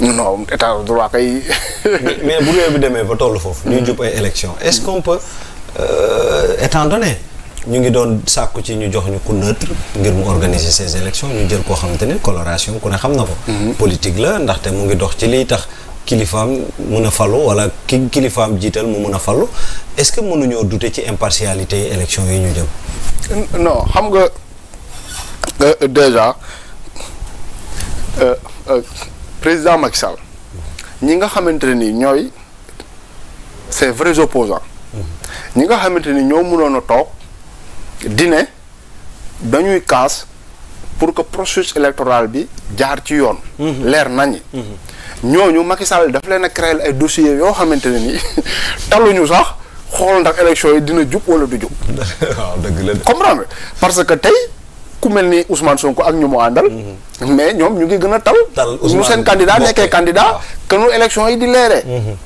non état droit kay. mais bu réew bi demee ba tollu foofu. ñuy jub ay élection est-ce qu'on peut euh, donné ñu ngi doon sàkku ci ñu jox ñu ku neutre ngir mu organiser ces élections ñu jël koo xamante ne coloration ku ne xam na ko. Mhm. politique la ndaxte mu ngi dox ci liy tax. kilifaam mën a falu wala ki kilifaam jiital mu mën a falu est-ce que mënuñoo douter ci impartialité yi yi ñu jëm. xam nga euh, déjà euh, président Macky Sall ñi nga xamante ne ni ñooy ces vrais opposants ñi nga xamante ni ñoo mënoon a toog di dañuy kaas pour que processus électoral bi jaar ci yoon. Mhm. leer nañi. Mhm. ñooñu Macky Sall daf leen a créer ay dossiers yoo xamante ne ni taluñu sax xool ndax élection yi dina jub wala du jub. waaw dëgg la comprendre parce que tey. ku mel ni Ousmane Sonko ak ñu mu àndal. Mm-hmm. mais ñoom ñu ngi gën a tal. tal ñu seen candidat nekkee candidat que nu yi di leeree. Mm-hmm.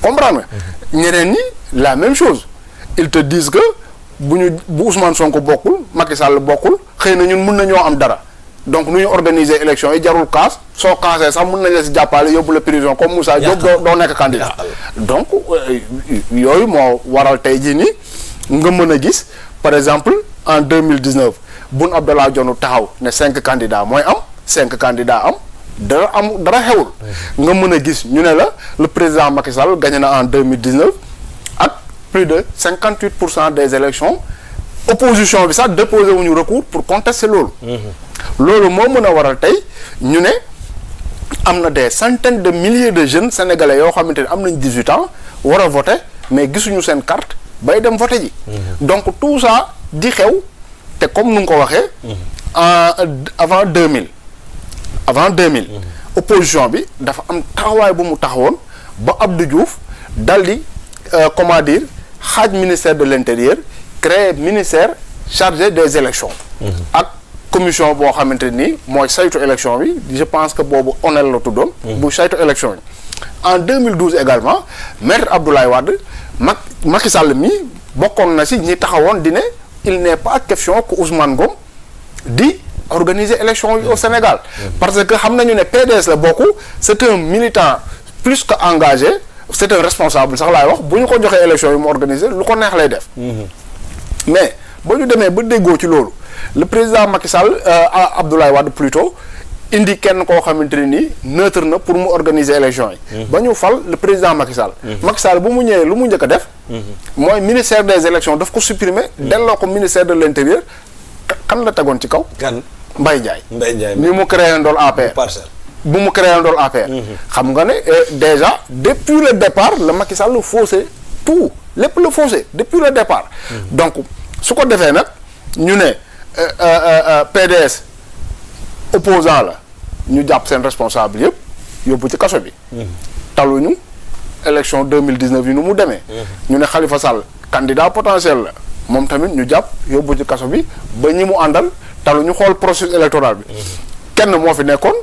comprendre mm-hmm. ñeneen ñi la même chose ils te disent que bu ñu bu Ousmane Sonko bokkul Macky Sall bokkul xëy na ñun mun nañoo am dara. donc nu ñu organiser élection yi jarul kaas soo kaasee sax mun nañ la si jàppale yóbbu la prison comme Moussa Diop doo doo nekk candidat donc euh, yooyu moo waral tey jii nii nga mën a gis par exemple en deux mille dix-neuf Boun Abdallah Dionne taxaw ne cinq candidats mooy am cinq candidats am dara am dara xewul nga mën a gis ñu ne la le président Macky Sall na en 2019 ak plus de 58 pour cent des élections opposition bi sax déposé ñu recours pour contester loolu mhm. loolu moo mën a waral tey ñu ne am na des centaines de milliers de jeunes sénégalais yoo xamante ni am nañ 18 ans war a mais gisuñu seen carte bay dem voter ji mhm. donc tout ça di xew te comme nu nga ko waxee. Mm-hmm. Euh, avant deux mille avant deux mille mm-hmm. opposition bi dafa am taxawaay bu mu taxawoon ba Abdou Diouf dal di euh, comment dire xaaj ministère de l' intérieur créer ministère chargé des élections. Mm-hmm. ak commission boo xamante ni mooy saytu élection bi je pense que boobu onel la tuddoon. bu saytu élection yi. en 2012 également maître Abdoulaye Wade Macky Sall mi bokkoon na si ñi taxawoon di ne. il n'est pas question que Ousmane Ngom di organiser élection yi au Sénégal parce que xam nañu ne PDS la bokk c'est un militant plus que engagé c'est un responsable sax laay wax bu ñu ko joxee élection yi mu organiser lu ko neex lay def mais ba ñu demee ba déggoo ci loolu le président Macky Sall euh, Abdoulaye Wade plutôt indi kenn koo xamante ne nii neutre na pour mu organiser élection yi. Mhm. ba ñu fal le président mhm. Macky Sall. bu mu ñëwee lu mu njëkk def. Mhm. mooy ministère des élections daf ko supprimer. delloo ko ministère de l' intérieur. kan la tegoon ci kaw. kan Mbaye Ndiaye. Mbaye Ndiaye mi mu créé ndool APR. bu mu créé ndool APR. xam nga ne euh, déjà depuis le départ la Macky Sall faussé tout lépp la faussé depuis le départ. donc su ko defee nag ñu ne euh, euh, PDS. opposant la ñu jàpp seen responsable yëpp yóbbu ci kaso bi mm-hmm. taluñu élection 2019 yi nu mu demee mm-hmm. ñu ne Khalifa Sall candidat potentiel la moom tamit ñu jàpp yóbbu ci kaso bi ba ñi mu àndal ñu xool processus électoral bi mm-hmm. kenn moo fi nekkoon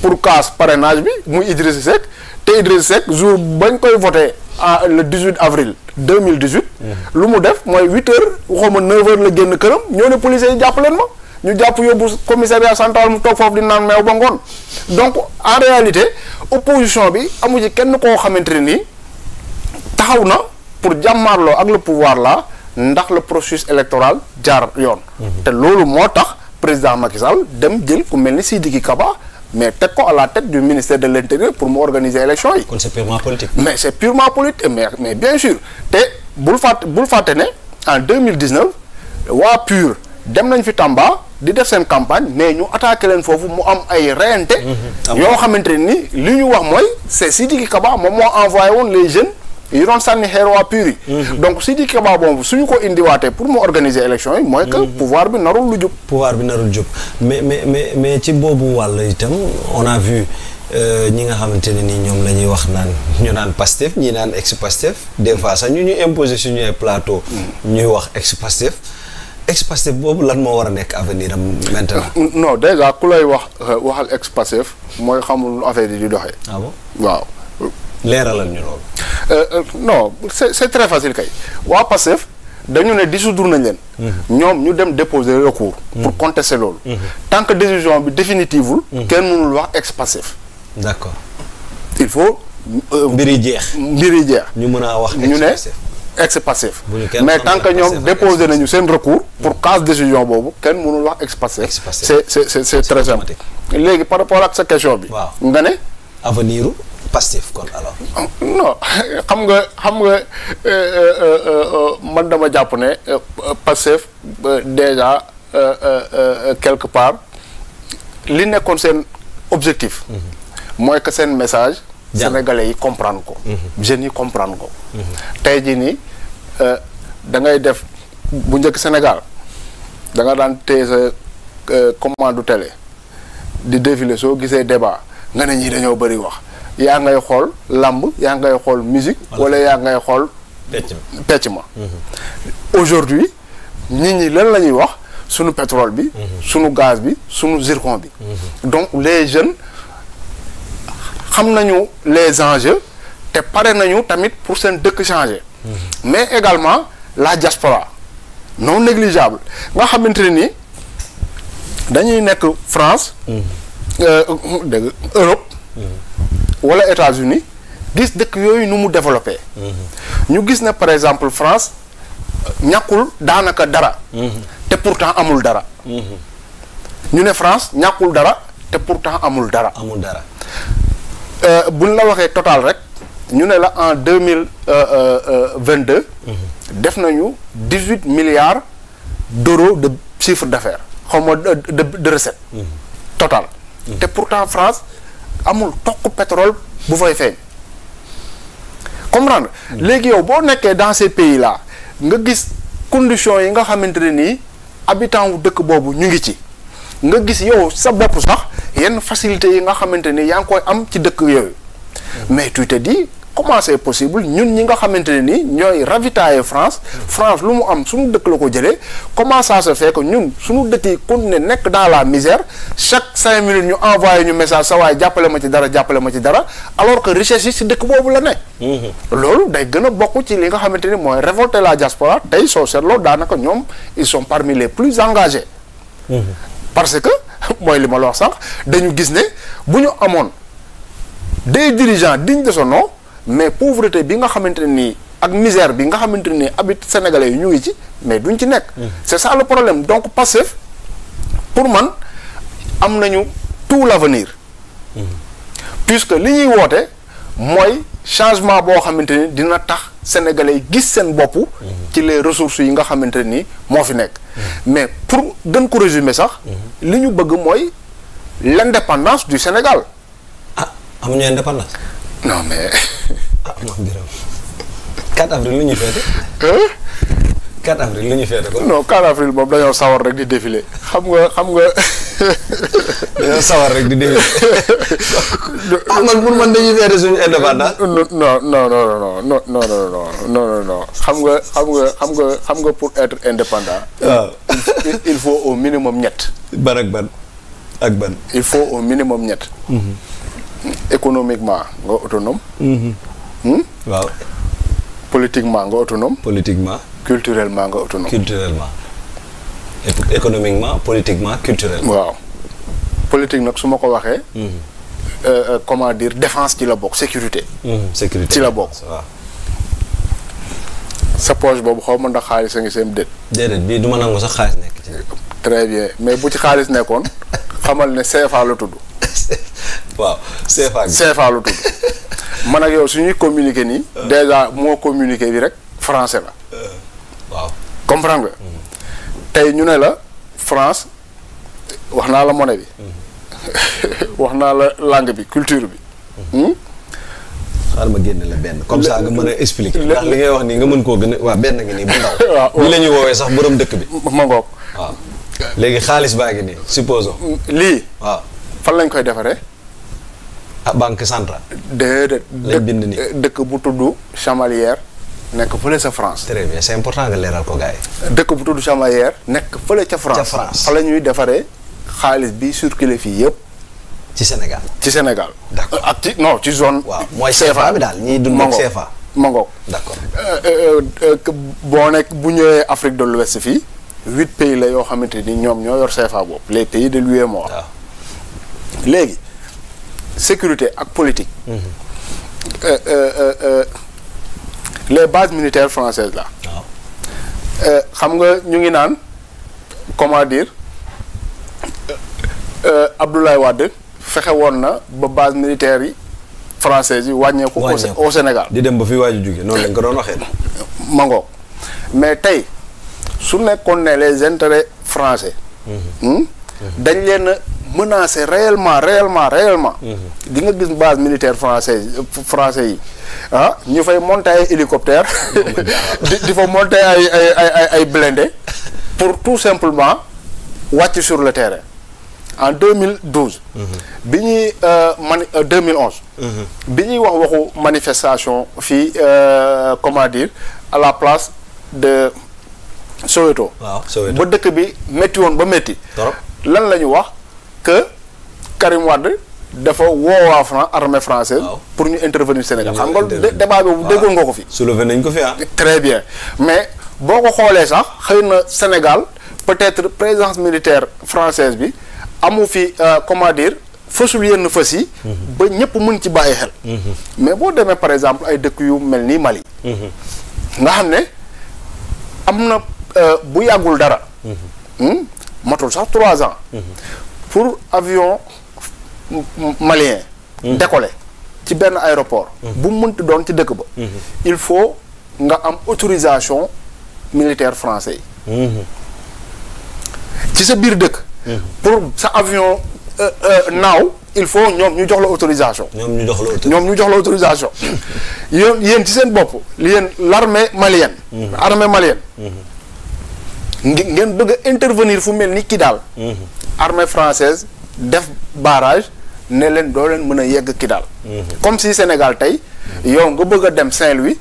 pour casse parrainage bi muy Idrissa Seck te Idrissa Seck jour bañ koy voté le 18 avril 2018 lu mu def mooy huit heures waxuma neuf heures la génn këram ñoo ne policiers yi jàpp leen ma ñu jàpp yóbbu commissariat central mu toog foofu di naan meew ba ngoon donc en réalité opposition bi amu ci kenn koo xamante ne nii taxaw na pour jàmmaarloo ak le pouvoir la ndax le processus électoral jaar yoon. Mhm. te loolu moo tax président Macky Sall dem jël ku mel ni Sidiki Kaba. mais teg ko à la tête du ministère de l'intérieur pour mu organiser élection yi. kon c'est purement politique. mais c'est purement politique mais bien sûr te bul fàtte bul fàtte ne en deux mille dix-neuf waa PUR dem nañ fi Tamba. di def seen campagne mais ñu attaqué leen foofu mu am ay reyante mhm. ah yoo xamante ni li ñuy wax mooy c'est Sidiki Kaba moom moo envoyé woon les jeunes yi doon sànni xeer waa PUR yi mhm. donc Sidiki Kaba boobu suñu ko indiwaatee pour mu organiser élection yi mooy que mhm. pouvoir bi narul lu jub pouvoir bi narul jub mais mais mais mais ci boobu wàll itam on a vu euh, ñi nga xamante ne ni ñoom la ñuy wax naan ñu naan Pastef ñi naan ex Pastef des fois sax ñu ñu imposer suñu ay plateau ñuy wax ex Pastef ex-Pastef boobu lan moo war a nekk avenir am maintenant. Eh, non déjà ku lay wax euh, waxal ex-Pastef mooy xamul affaire yi di doxee. ah waaw. leeralal ñu loolu. Euh, euh, non c'est c'est très facile kay waa Pastef dañu ne dissoudre nañ leen. Mhm. ñoom ñu dem déposer recours. Mhm. pour contester loolu. Mhm. tant que décision bi définitive wul. kenn mënul wax ex-Pastef. d'accord il faut. mbir yi jeex mbir yi jeex. ñu mën a wax ex-Pastef. ex passif mais tant que ñoom déposé nañu seen recours pour cause décision boobu kenn mënul wax ex passif c'est c'est c'est très léegi par rapport ak sa question bi nga ne avenir Pastef kon alors. non xam nga xam nga euh, euh, euh, man dama jàpp ne Pastef déjà quelque part li nekkoon seen objectif. Mhm. mooy que seen message. sénégalais yi comprendre ko. Mhm. jeunes yi comprendre ko. tey jii nii euh, da def bu njëkk Sénégal da nga daan téye sa euh, commande télé di défilé soo gisee débat nga ne ñii dañoo bëri wax yaa ngay xool làmb yaa ngay xool musique wala yaa ngay xool pecc ma mhm. aujourd'hui nit ñi lan la ñuy wax sunu pétrole bi mhm. suñu gaz bi sunu zircon bi mhm. donc les jeunes xam nañu les enjeux te pare nañu tamit pour seen dëkk changer. mais également la diaspora non négligeable nga xamante ne ni dañuy nekk France. Mm-hmm. Euh, dégg Europe. Mm-hmm. wala États-Unis gis dëkk yooyu nu mu développé. Mm-hmm. ñu gis ne par exemple France ñàkkul daanaka dara. te pourtant amul dara. ñu ne France ñàkkul dara te pourtant amul dara. amul dara euh, buñ la waxee total rek. ñu ne la en deux mille euh, euh, vingt deux. def nañu dix huit milliards d' de chiffre d' affaires xaw ma de de de recette. total. te pourtant France amul tokk pétrole bu fay feeñ. comprendre léegi yow boo nekkee dans ces pays là nga gis conditions yi nga xamante ne nii habitant wu dëkk boobu ñu ngi ci. nga gis yow sa bopp sax yenn facilité yi nga xamante ni yaa ngi koy am ci dëkk yooyu mais tu di comment possible ñun ñi nga xamante ne ni ñooy ravitailler France France lu mu am suñu dëkk la ko jëlee comment ça se fait su ñun suñu dëkk yi continuer nekk dans la misère chaque cinq minutes ñu envoyé ñu message sa waaye jàppale ma ci dara jàppale ma ci dara alors que richesse yi si dëkk boobu la ne mm-hmm. loolu day gën a bokk ci li nga xamante ni mooy révolter la diaspora tey soo seetloo daanaka ñoom ils sont parmi les plus engagés mm-hmm. parce que mooy li la wax sànq dañu gis ne bu ñu amoon des dirigeants dignes de son mais pauvreté bi nga xamante ne nii ak misère bi nga xamante nii habit sénégalais yi ñu ngi ci mais duñ ci nekk. Mm-hmm. c'est ça le problème donc Pastef pour man am nañu tout l'avenir. Mm-hmm. puisque li ñuy woote mooy changement boo xamante ni dina tax sénégalais yi gis seen bopp. Mm-hmm. ci les ressources yi nga xamante nii moo fi nekk. mais pour gën ko résumer sax. li ñu bëgg mooy l'indépendance du Sénégal. ah amuñu indépendance. non mais. ah moom Birame 4 avril lu ñu feete. 4 avril lu ñu feete ko. non avril moom dañoo sawar rek di défilé xam nga xam nga. dañoo sawar rek di défilé. ah man pour man dañuy feete suñu indépendance. non non non non non non xam nga xam nga xam nga xam nga pour être indépendant. waaw il faut au minimum ñett. ak ban ak ban. il faut au minimum ñett. économiquement nga autonome. hum waaw. politiquement nga autonome. politiquement. culturellement nga autonome. culturellement. économiquement politiquement culturellement. waaw politique nag su ma ko waxee. Hmm. Euh, euh, comment dire défense ci la bokk sécurité. Hmm, sécurité ci la bokk waaw. sa poche boobu xaw ma ndax xaalis a ngi seen déet. déedéet bii du ma nangu sax xaalis nekk ci. très bien mais bu ci xaalis nekkoon xamal ne CFA la tudd. waaw CFA bi CFA man ak yow suñuy communiquer nii. Euh. déjà moo communiqué bi rek francais la. Euh. waaw comprendre mm-hmm. tey ñu ne la France wax naa la monnaie bi. Mm-hmm. wax naa la langue bi culture bi. Mm-hmm. Hmm? xaaral ma génne la benn comme ça nga mën a expliquer. ndax ngay wax nii nga mën koo gën a waa benn nga nii bu ndaw. waaw la ñuy woowee sax borom dëkk bi. ma ngoog. waaw léegi xaalis baa ngi nii lii. waaw fan lañ koy defaree. Ah, banque centrale. déedéet lañ bind dëkk bu tudd chamalière nekk fële sa France. très bien c'est important nga leeral ko gars yi. dëkk bu tuddu Chamalières nekk fële ca France. ca ñuy defaree xaalis bi circulé fii yëpp. ci Sénégal. ci Sénégal. d'accord ak ci non ci zone. waaw mooy CFA bi daal ñiy dund ak CFA. Mango d'accord. Euh, euh, euh, boo nekk bu ñëwee Afrique de l'Ouest fii huit pays la yoo xamante ni ñoom ñoo yor CFA boobu les pays de l'UEMOA. waaw léegi. sécurité ak politique. Mm -hmm. euh, euh, euh, les bases militaires françaises là. Ah. Euh, xam nga ñu ngi naan comment dire euh, Abdoulaye Wade fexe woon na ba base militaire yi française yi wàññeeku. au Sénégal di dem ba fi waaju jóge noonu lañ ko doon waxee. mango mais tey su nekkoon ne les intérêts français. Mhm. Hmm, mhm. dañ leen menacé réellement réellement réellement. Mhm. di nga gis base militaire française français yi ah ñu fay monter ay hélicoptère di di fa monter ay ay ay ay blindé pour tout simplement wàcc sur le terrain en 2012. Mhm. bi ñuy euh, mani 2011. Euh, mhm. bi ñuy wax waxu manifestation fii euh, comment à la place de Soweto. waaw ba dëkk bi métti woon ba métti. lan la ñu wax. que Karim Wade dafa woowaa Fran armée française pour ñu intervenir Sénégal xam nga débat boobu déggoon nga ko fi. soulevé nañ ko fi ah. très bien mais boo ko xoolee sax xëy na Sénégal peut-être présence militaire française bi amu fi euh, comment dire. fësul yenn fës yi. Mhm. ba ñëpp mën ci bàyyi xel. Mhm. mais boo demee par exemple ay dëkk yu mel nii Mali. Mhm. nga xam ne am na euh, bu yàggul dara. Hmm? matul sax trois ans. pour avion malien décoller ci benn aéroport bu mënti doon ci dëkk ba il faut nga am autorisation militaire français yi ci sa biir dëkk pour sa avion euh, euh, naaw il faut ñoom ñu jox la autorisation ñoom ñu jox la autorisation ñoom ñu jox la autorisation yéen yéen ci seen bopp yéen l'armée malienne armée malienne ngeen bëgg a intervenir fu mel ni kii daal armée française def barrage ne leen doo leen mën a yegg daal mhm. comme si Sénégal tey mhm. yow nga bëgg a dem Saint-Louis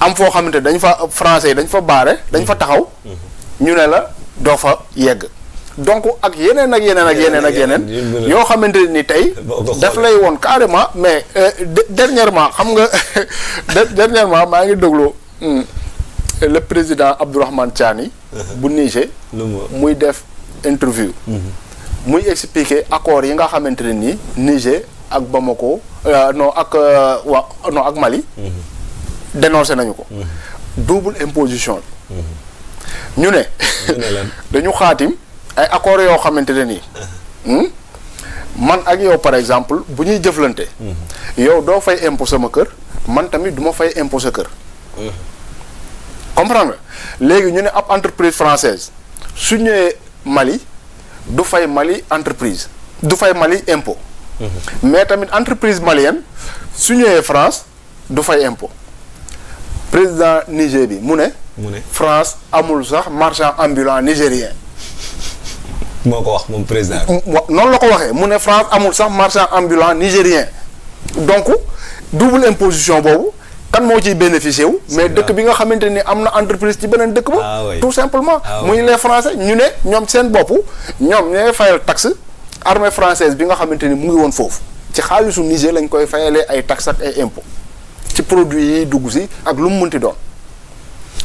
am foo xamante dañ fa français yi dañ fa baare dañ fa mhm. taxaw ñu ne la doo fa yegg donc ak yeneen ak yeneen ak yeneen ak yeneen yoo xamante ni tey daf lay woon carrément mais euh, dernièrement xam nga dernièrement maa ngi déglu hmm, le président Abdourahmane Tiani uh-huh. bu Niger muy def interview. muy expliquer accords yi nga xamante ne nii Niger ak Bamako euh, no ak euh, waa non ak Mali. dénoncé nañu ko. double imposition ñu ne. dañu xaatim ay accords yoo xamante ne nii. Hmm? man ak yow par exemple bu ñuy jëflante. yow doo fay impôt sama kër man tamit du ma fay impôt sa kër. comprendre léegi ñu ne ab entreprise française su ñëwee. Mali du fay Mali entreprise du fay Mali impôt. Mhm. mais tamit entreprise malien su ñëwee France du fay impo président Niger bi mu ne. mu ne France amul sax marchand ambulant nigérien. moo ko wax moom président noonu la ko waxee mu ne France amul sax marchand ambulant nigérien donc double imposition boobu. kan moo ciy bénéficié wu. mais dëkk bi nga xamante ni am na entreprise ci beneen dëkk ba. Ah tout simplement. Ah muy les français ñu ne ñoom seen bopp ñoom ñooy fayal taxe armée française bi nga xamante ni mu ngi woon foofu ci xaalisu Niger lañ koy fayalee ay taxe ak ay impôt ci produit yi dugg si ak lu mu mënti doon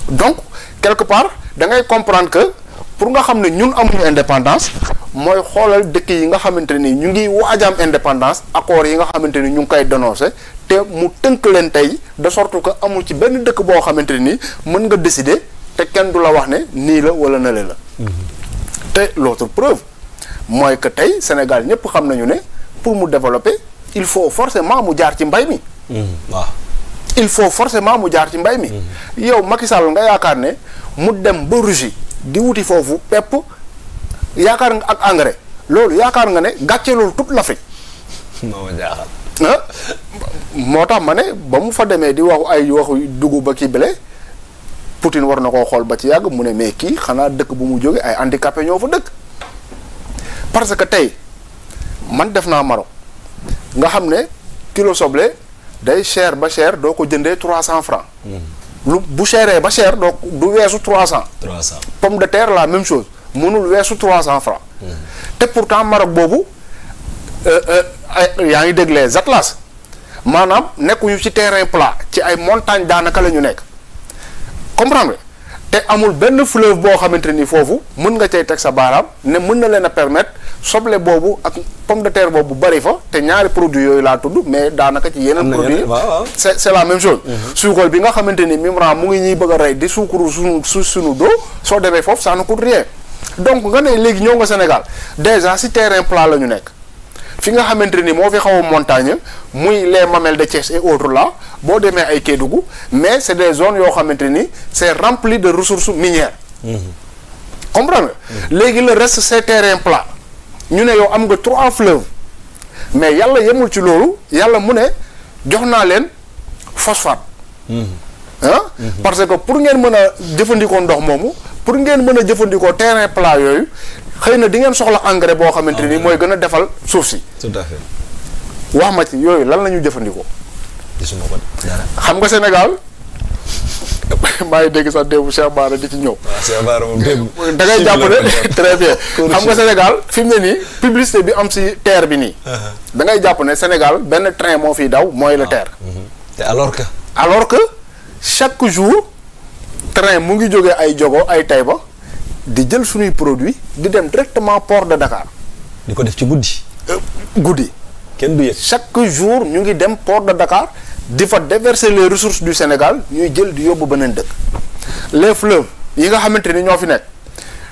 donc quelque part da ngay comprendre que pour nga xam ne ñun amuñu indépendance mooy xoolal dëkk yi nga xamante ni ñu ngi waajam indépendance accords yi nga xamante ni ñu ngi koy dénoncé te mu tënk leen tey de sorte que amul ci benn dëkk boo xamante ni mën nga décider te kenn du la wax ne nii la wala nale la. Mm-hmm. te l'autre preuve mooy que tey Sénégal ñëpp xam nañu ne pour mu développer il faut forcément mu jaar ci mbay mi. Mm-hmm. waaw. il faut forcément mu jaar ci mbay mi. Mm-hmm. yow Macky Sall nga yaakaar ne mu dem ba Russie di wuti foofu pepp yaakaar nga ak engrais loolu yaakaar nga ne gàcce loolu toute l'Afrique. ah moo tax ma ne ba mu fa demee di waxu ay waxu dugub ba ki blé Poutine war na koo xool ba ci yàgg mu ne mais kii xanaa dëkk bu mu jógee ay handicapé ñoo fa dëkk parce que tey man def naa Maroc nga xam ne kilo soble day cher ba cher doo ko jëndee trois cent francs hmm. lu bu chéré ba cher doo du weesu trois cent trois pomme de terre la même chose mënul weesu trois cent francs hmm. te pourtant Maroc boobu euh, euh, yaa ngi dégg les atlas maanaam nekkuñu ci terrain plat ci ay montagne daanaka la ñu nekk comprendre te amul benn fleuve boo xamante ni foofu mën nga cee teg sa baaraam ne mën na leen a permettre soble boobu ak pomme de terre boobu bari fa te ñaari produit yooyu laa tudd mais daanaka ci yeneen produit c'est la même chose mhm. suukal bi nga xamante ni Mimran mu ngi ñuy bëgg a rey di suukuru suñu su suñu doo soo demee foofu ça ne coûte donc nga ne léegi ñëw nga Sénégal déjà si terrain plat la ñu nekk fi nga xamante ni moo fi xaw montagne muy les mamelles de Thiès et autres là boo demee ay Kédougou mais c' est des zones yoo xamante ni c' est rempli de ressources minières. Mm-hmm. comprendre nga. léegi le reste c' est terrain plat ñu ne yow am nga trois fleuves mais yàlla yemul ci loolu yàlla mu ne jox naa leen phosphate. ah. parce que pour ngeen mën a jëfandikoo ndox moomu pour ngeen mën a jëfandikoo terrain plat yooyu xëy na di ngeen soxla engrais boo xamante ni ah, mooy gën a defal suuf si. tout à wax ma ci yooyu lan la ñu jëfandikoo. xam nga Sénégal maa ngi dégg sax démb si Bara di ci ñëw. da ngay jàpp ne très bien. fi mu ne nii publicité bi am si terre bi nii. Ah, ah. dangay jàpp ne Sénégal benn train moo fiy daw mooy la terre. Mhm. te alors que. alors que chaque jour train mu ngi jóge ay jogo ay Taïba. di jël suñuy produit di dem directement port de Dakar. di ko def ci guddi. Euh, guddi. kenn du yëg chaque jour ñu ngi dem port de Dakar di fa déverser les ressources du Sénégal ñuy jël di yóbbu beneen dëkk. les fleuves yi nga xamante ni ñoo fi nekk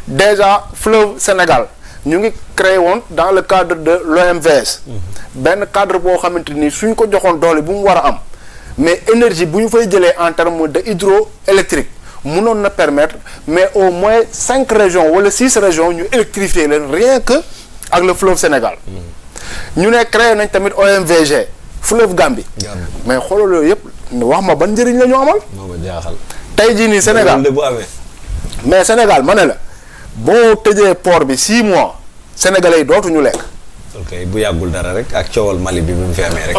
déjà fleuve Sénégal ñu ngi créé woon dans le cadre de l'OMVS. Mhm. benn cadre boo xamante ni suñ ko joxoon doole bu mu war a am mais énergie bu ñu fay jëlee en terme de hydroélectrique. mënoon na permettre mais au moins cinq régions wala six régions ñu électrifier leen rien que ak le fleuve Sénégal. ñu ne créer nañ tamit OMVG fleuve Gambie. mais xoolal yooyu yëpp wax ma ban njëriñ la ñu amal. tey jii nii Sénégal mais Sénégal ma ne la boo tëjee port bi six mois sénégalais yi dootuñu lekk. bu yàggul dara rek ak coowal Mali bi bu mu fi rek.